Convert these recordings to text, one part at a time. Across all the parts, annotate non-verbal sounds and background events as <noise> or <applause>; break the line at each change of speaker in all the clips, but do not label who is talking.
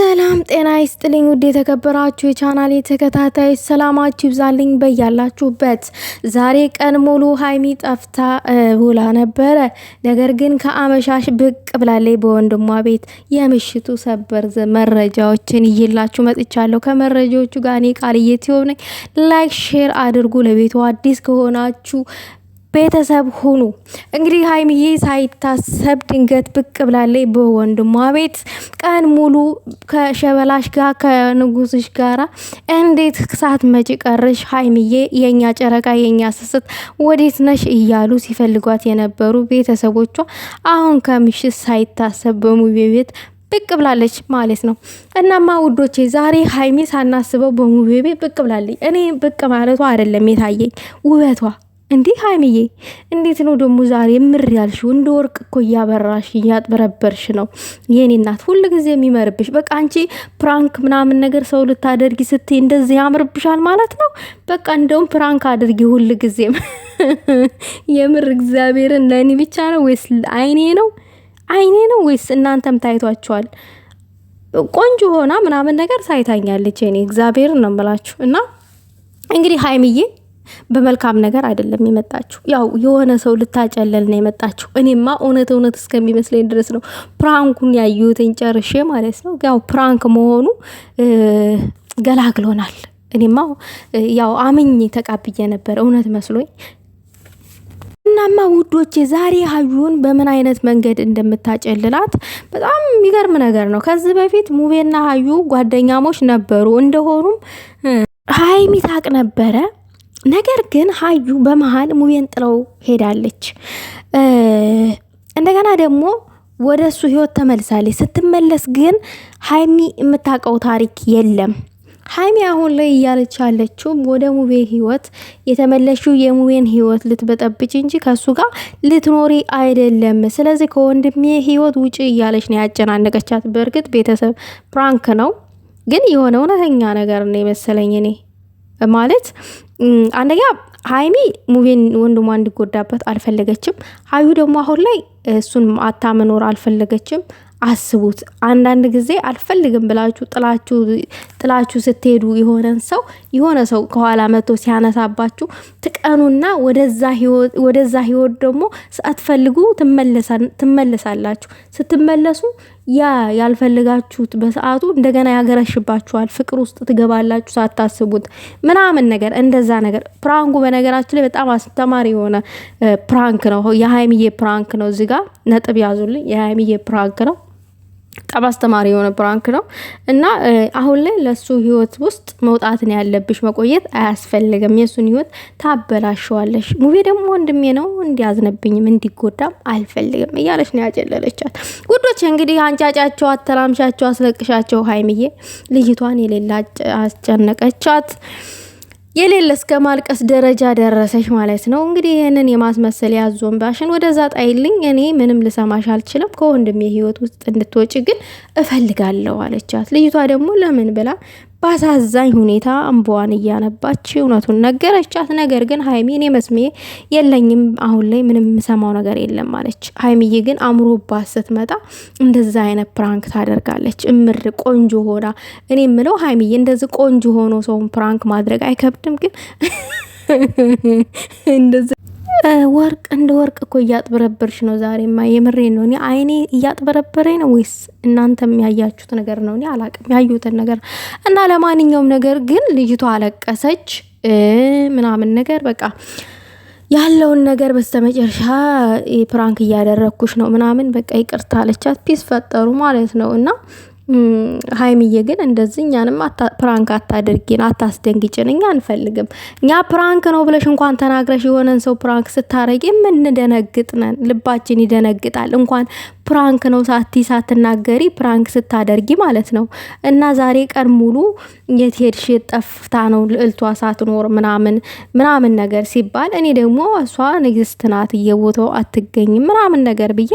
ሰላም ጤና ይስጥልኝ ውድ የተከበራችሁ የቻናል የተከታታይ ሰላማችሁ ይብዛልኝ በያላችሁበት። ዛሬ ቀን ሙሉ ሀይሚ ጠፍታ ውላ ነበረ። ነገር ግን ከአመሻሽ ብቅ ብላለች በወንድሟ ቤት። የምሽቱ ሰበር መረጃዎችን ይዤላችሁ መጥቻለሁ። ከመረጃዎቹ ጋር እኔ ቃልዬ ነኝ። ላይክ ሼር አድርጉ። ለቤቱ አዲስ ከሆናችሁ ቤተሰብ ሁኑ። እንግዲህ ሀይሚዬ ሳይታሰብ ድንገት ብቅ ብላለች በወንድሟ ቤት። ቀን ሙሉ ከሸበላሽ ጋር ከንጉስሽ ጋራ እንዴት ክሳት መጪ ቀርሽ ሀይሚዬ፣ የእኛ ጨረቃ፣ የእኛ ስስት ወዴት ነሽ እያሉ ሲፈልጓት የነበሩ ቤተሰቦቿ አሁን ከምሽት ሳይታሰብ በሙቤ ቤት ብቅ ብላለች ማለት ነው። እናማ ውዶቼ ዛሬ ሀይሚ ሳናስበው በሙቤ ቤት ብቅ ብላለች። እኔ ብቅ ማለቷ አይደለም የታየኝ ውበቷ እንዲህ ሀይምዬ እንዴት ነው ደግሞ ዛሬ ምር ያልሽው? እንደ ወርቅ እኮ እያበራሽ እያጥበረበርሽ ነው የኔ እናት። ሁል ጊዜ የሚመርብሽ በቃ አንቺ ፕራንክ ምናምን ነገር ሰው ልታደርጊ ስትይ እንደዚህ ያምርብሻል ማለት ነው። በቃ እንደውም ፕራንክ አድርጊ ሁል ጊዜም። <laughs> የምር እግዚአብሔርን ለእኔ ብቻ ነው ወይስ አይኔ ነው አይኔ ነው ወይስ እናንተም ታይቷቸዋል? ቆንጆ ሆና ምናምን ነገር ሳይታኛለች። እኔ እግዚአብሔርን ነው የምላችሁ እና እንግዲህ ሀይምዬ በመልካም ነገር አይደለም የመጣችሁ። ያው የሆነ ሰው ልታጨለል ነው የመጣችሁ። እኔማ እውነት እውነት እስከሚመስለኝ ድረስ ነው ፕራንኩን ያዩትኝ ጨርሼ ማለት ነው። ያው ፕራንክ መሆኑ ገላግሎናል። እኔማ ያው አምኜ ተቃብዬ ነበር እውነት መስሎኝ። እናማ ውዶቼ ዛሬ ሀዩን በምን አይነት መንገድ እንደምታጨልላት በጣም የሚገርም ነገር ነው። ከዚህ በፊት ሙቤና ሀዩ ጓደኛሞች ነበሩ እንደሆኑም ሀይሚ ታቅ ነበረ ነገር ግን ሀዩ በመሀል ሙቤን ጥለው ሄዳለች። እንደገና ደግሞ ወደ እሱ ህይወት ተመልሳለች። ስትመለስ ግን ሀይሚ የምታውቀው ታሪክ የለም። ሀይሚ አሁን ላይ እያለች ያለችው ወደ ሙቤ ህይወት የተመለሽው የሙቤን ህይወት ልትበጠብጭ እንጂ ከሱ ጋር ልትኖሪ አይደለም። ስለዚህ ከወንድሜ ህይወት ውጪ እያለች ነው ያጨናነቀቻት። በእርግጥ ቤተሰብ ፕራንክ ነው፣ ግን የሆነ እውነተኛ ነገር ነው የመሰለኝ እኔ ማለት አንደኛ ሀይሚ ሙቤን ወንድሟ እንዲጎዳበት አልፈለገችም። ሀዩ ደግሞ አሁን ላይ እሱን አታ መኖር አልፈለገችም። አስቡት። አንዳንድ ጊዜ አልፈልግም ብላችሁ ጥላችሁ ጥላችሁ ስትሄዱ የሆነን ሰው የሆነ ሰው ከኋላ መቶ ሲያነሳባችሁ ትቀኑና ወደዛ ህይወት ደግሞ ሳትፈልጉ ትመለሳላችሁ። ስትመለሱ ያ ያልፈልጋችሁት በሰዓቱ እንደገና ያገረሽባችኋል። ፍቅር ውስጥ ትገባላችሁ ሳታስቡት ምናምን ነገር እንደዛ ነገር። ፕራንኩ በነገራችን ላይ በጣም አስተማሪ የሆነ ፕራንክ ነው። የሀይምዬ ፕራንክ ነው። እዚጋ ነጥብ ያዙልኝ። የሀይምዬ ፕራንክ ነው። በጣም አስተማሪ የሆነ ብራንክ ነው እና አሁን ላይ ለሱ ህይወት ውስጥ መውጣትን ያለብሽ መቆየት አያስፈልግም። የእሱን ህይወት ታበላሸዋለሽ። ሙቤ ደግሞ ወንድሜ ነው እንዲያዝንብኝም እንዲጎዳም አልፈልግም እያለች ነው ያጨለለቻት። ጉዶች እንግዲህ አንጫጫቸው፣ አተላምሻቸው፣ አስለቅሻቸው። ሀይምዬ ልጅቷን የሌላ አስጨነቀቻት። የሌለ እስከ ማልቀስ ደረጃ ደረሰች ማለት ነው። እንግዲህ ይህንን የማስመሰል ባሽን ወደዛ ጣይልኝ፣ እኔ ምንም ልሰማሽ አልችልም፣ ከወንድሜ የህይወት ውስጥ እንድትወጪ ግን እፈልጋለሁ አለቻት። ልጅቷ ደግሞ ለምን ብላ በአሳዛኝ ሁኔታ እንባዋን እያነባች እውነቱን ነገረቻት። ነገር ግን ሀይሚ እኔ መስሜ የለኝም አሁን ላይ ምንም የምሰማው ነገር የለም አለች። ሀይሚዬ ግን አምሮባት ስትመጣ እንደዛ አይነት ፕራንክ ታደርጋለች። እምር ቆንጆ ሆና እኔ የምለው ሀይሚዬ እንደዚህ ቆንጆ ሆኖ ሰውን ፕራንክ ማድረግ አይከብድም ግን <laughs> እንደዚህ ወርቅ እንደ ወርቅ እኮ እያጥበረበርሽ ነው ዛሬማ። የምሬ ነው። እኔ አይኔ እያጥበረበረኝ ነው ወይስ እናንተም ያያችሁት ነገር ነው? እኔ አላቅም ያዩትን ነገር እና ለማንኛውም ነገር ግን ልጅቷ አለቀሰች ምናምን ነገር በቃ ያለውን ነገር በስተመጨረሻ ፕራንክ እያደረግኩሽ ነው ምናምን በቃ ይቅርታ አለቻት። ፒስ ፈጠሩ ማለት ነው እና ሀይሚዬ ግን እንደዚህ እኛንም ፕራንክ አታድርጊን፣ አታስደንግጭን። እኛ አንፈልግም። እኛ ፕራንክ ነው ብለሽ እንኳን ተናግረሽ የሆነን ሰው ፕራንክ ስታረጊ የምንደነግጥ ነን። ልባችን ይደነግጣል። እንኳን ፕራንክ ነው ሳቲ ሳትናገሪ ፕራንክ ስታደርጊ ማለት ነው። እና ዛሬ ቀን ሙሉ የት ሄድሽ ጠፍታ ነው ልዕልቷ ሳትኖር ምናምን ምናምን ነገር ሲባል እኔ ደግሞ እሷ ንግስት ናት እየቦተው አትገኝም ምናምን ነገር ብዬ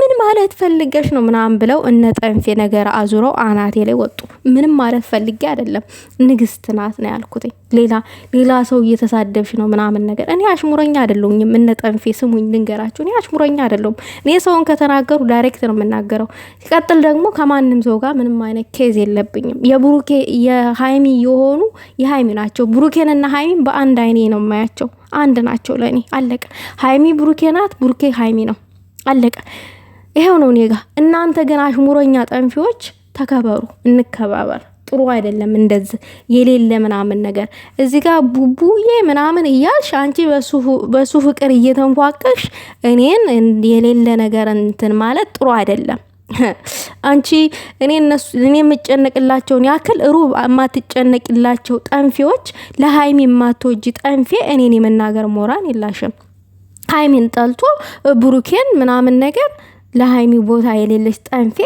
ምን ማለት ፈልገሽ ነው ምናምን ብለው እነ ጠንፌ ነገር አዙረው አናቴ ላይ ወጡ። ምንም ማለት ፈልጌ አይደለም ንግስት ናት ነው ያልኩትኝ። ሌላ ሌላ ሰው እየተሳደብሽ ነው ምናምን ነገር። እኔ አሽሙረኛ አይደለሁኝም። እነ ጠንፌ ስሙኝ ልንገራችሁ፣ እኔ አሽሙረኛ አይደለሁም። እኔ ሰውን ከተናገሩ ዳይሬክት ነው የምናገረው። ሲቀጥል ደግሞ ከማንም ሰው ጋር ምንም አይነት ኬዝ የለብኝም። የብሩኬ የሀይሚ የሆኑ የሀይሚ ናቸው። ብሩኬንና ሀይሚን በአንድ አይኔ ነው የማያቸው። አንድ ናቸው ለእኔ አለቀ። ሀይሚ ብሩኬ ናት፣ ብሩኬ ሀይሚ ነው አለቀ። ይኸው ነው እኔ ጋ። እናንተ ግን አሽሙረኛ ጠንፊዎች ተከበሩ፣ እንከባበር። ጥሩ አይደለም። እንደዚህ የሌለ ምናምን ነገር እዚህ ጋር ቡቡዬ ምናምን እያልሽ አንቺ በሱ ፍቅር እየተንፏቀሽ እኔን የሌለ ነገር እንትን ማለት ጥሩ አይደለም። <laughs> አንቺ እኔ እነሱ እኔ የምጨነቅላቸውን ያክል ሩብ የማትጨነቅላቸው ጠንፌዎች፣ ለሀይሚ የማትወጂ ጠንፌ እኔን የመናገር ሞራን የላሽም። ሀይሚን ጠልቶ ብሩኬን ምናምን ነገር ለሀይሚ ቦታ የሌለች ጠንፌ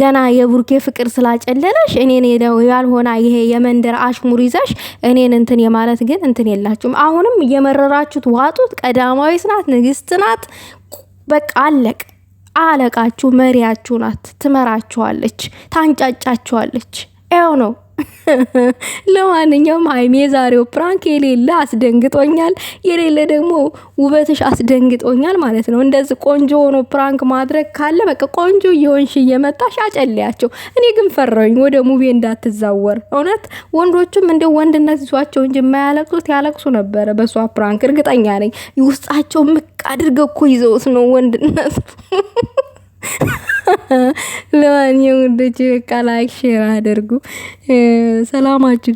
ገና የቡርኬ ፍቅር ስላጨለለሽ እኔን ያልሆና ይሄ የመንደር አሽሙር ይዛሽ እኔን እንትን የማለት ግን እንትን የላችሁም። አሁንም እየመረራችሁት ዋጡት። ቀዳማዊት ናት፣ ንግስት ናት። በቃ አለቅ አለቃችሁ መሪያችሁ ናት። ትመራችኋለች፣ ታንጫጫችኋለች። ይኸው ነው። <laughs> ለማንኛውም ሀይሚ የዛሬው ፕራንክ የሌለ አስደንግጦኛል፣ የሌለ ደግሞ ውበትሽ አስደንግጦኛል ማለት ነው። እንደዚህ ቆንጆ ሆኖ ፕራንክ ማድረግ ካለ በቃ ቆንጆ እየሆንሽ እየመጣሽ አጨለያቸው። እኔ ግን ፈራኝ ወደ ሙቪ እንዳትዛወር። እውነት ወንዶችም እንደ ወንድነት ይዟቸው እንጂ የማያለቅሱት ያለቅሱ ነበረ በሷ ፕራንክ። እርግጠኛ ነኝ ውስጣቸው ምቅ አድርገው እኮ ይዘውት ነው ወንድነት <laughs> ለማንኛውም ወንዶች በቃ ላይክ ሼር አድርጉ። ሰላማችሁ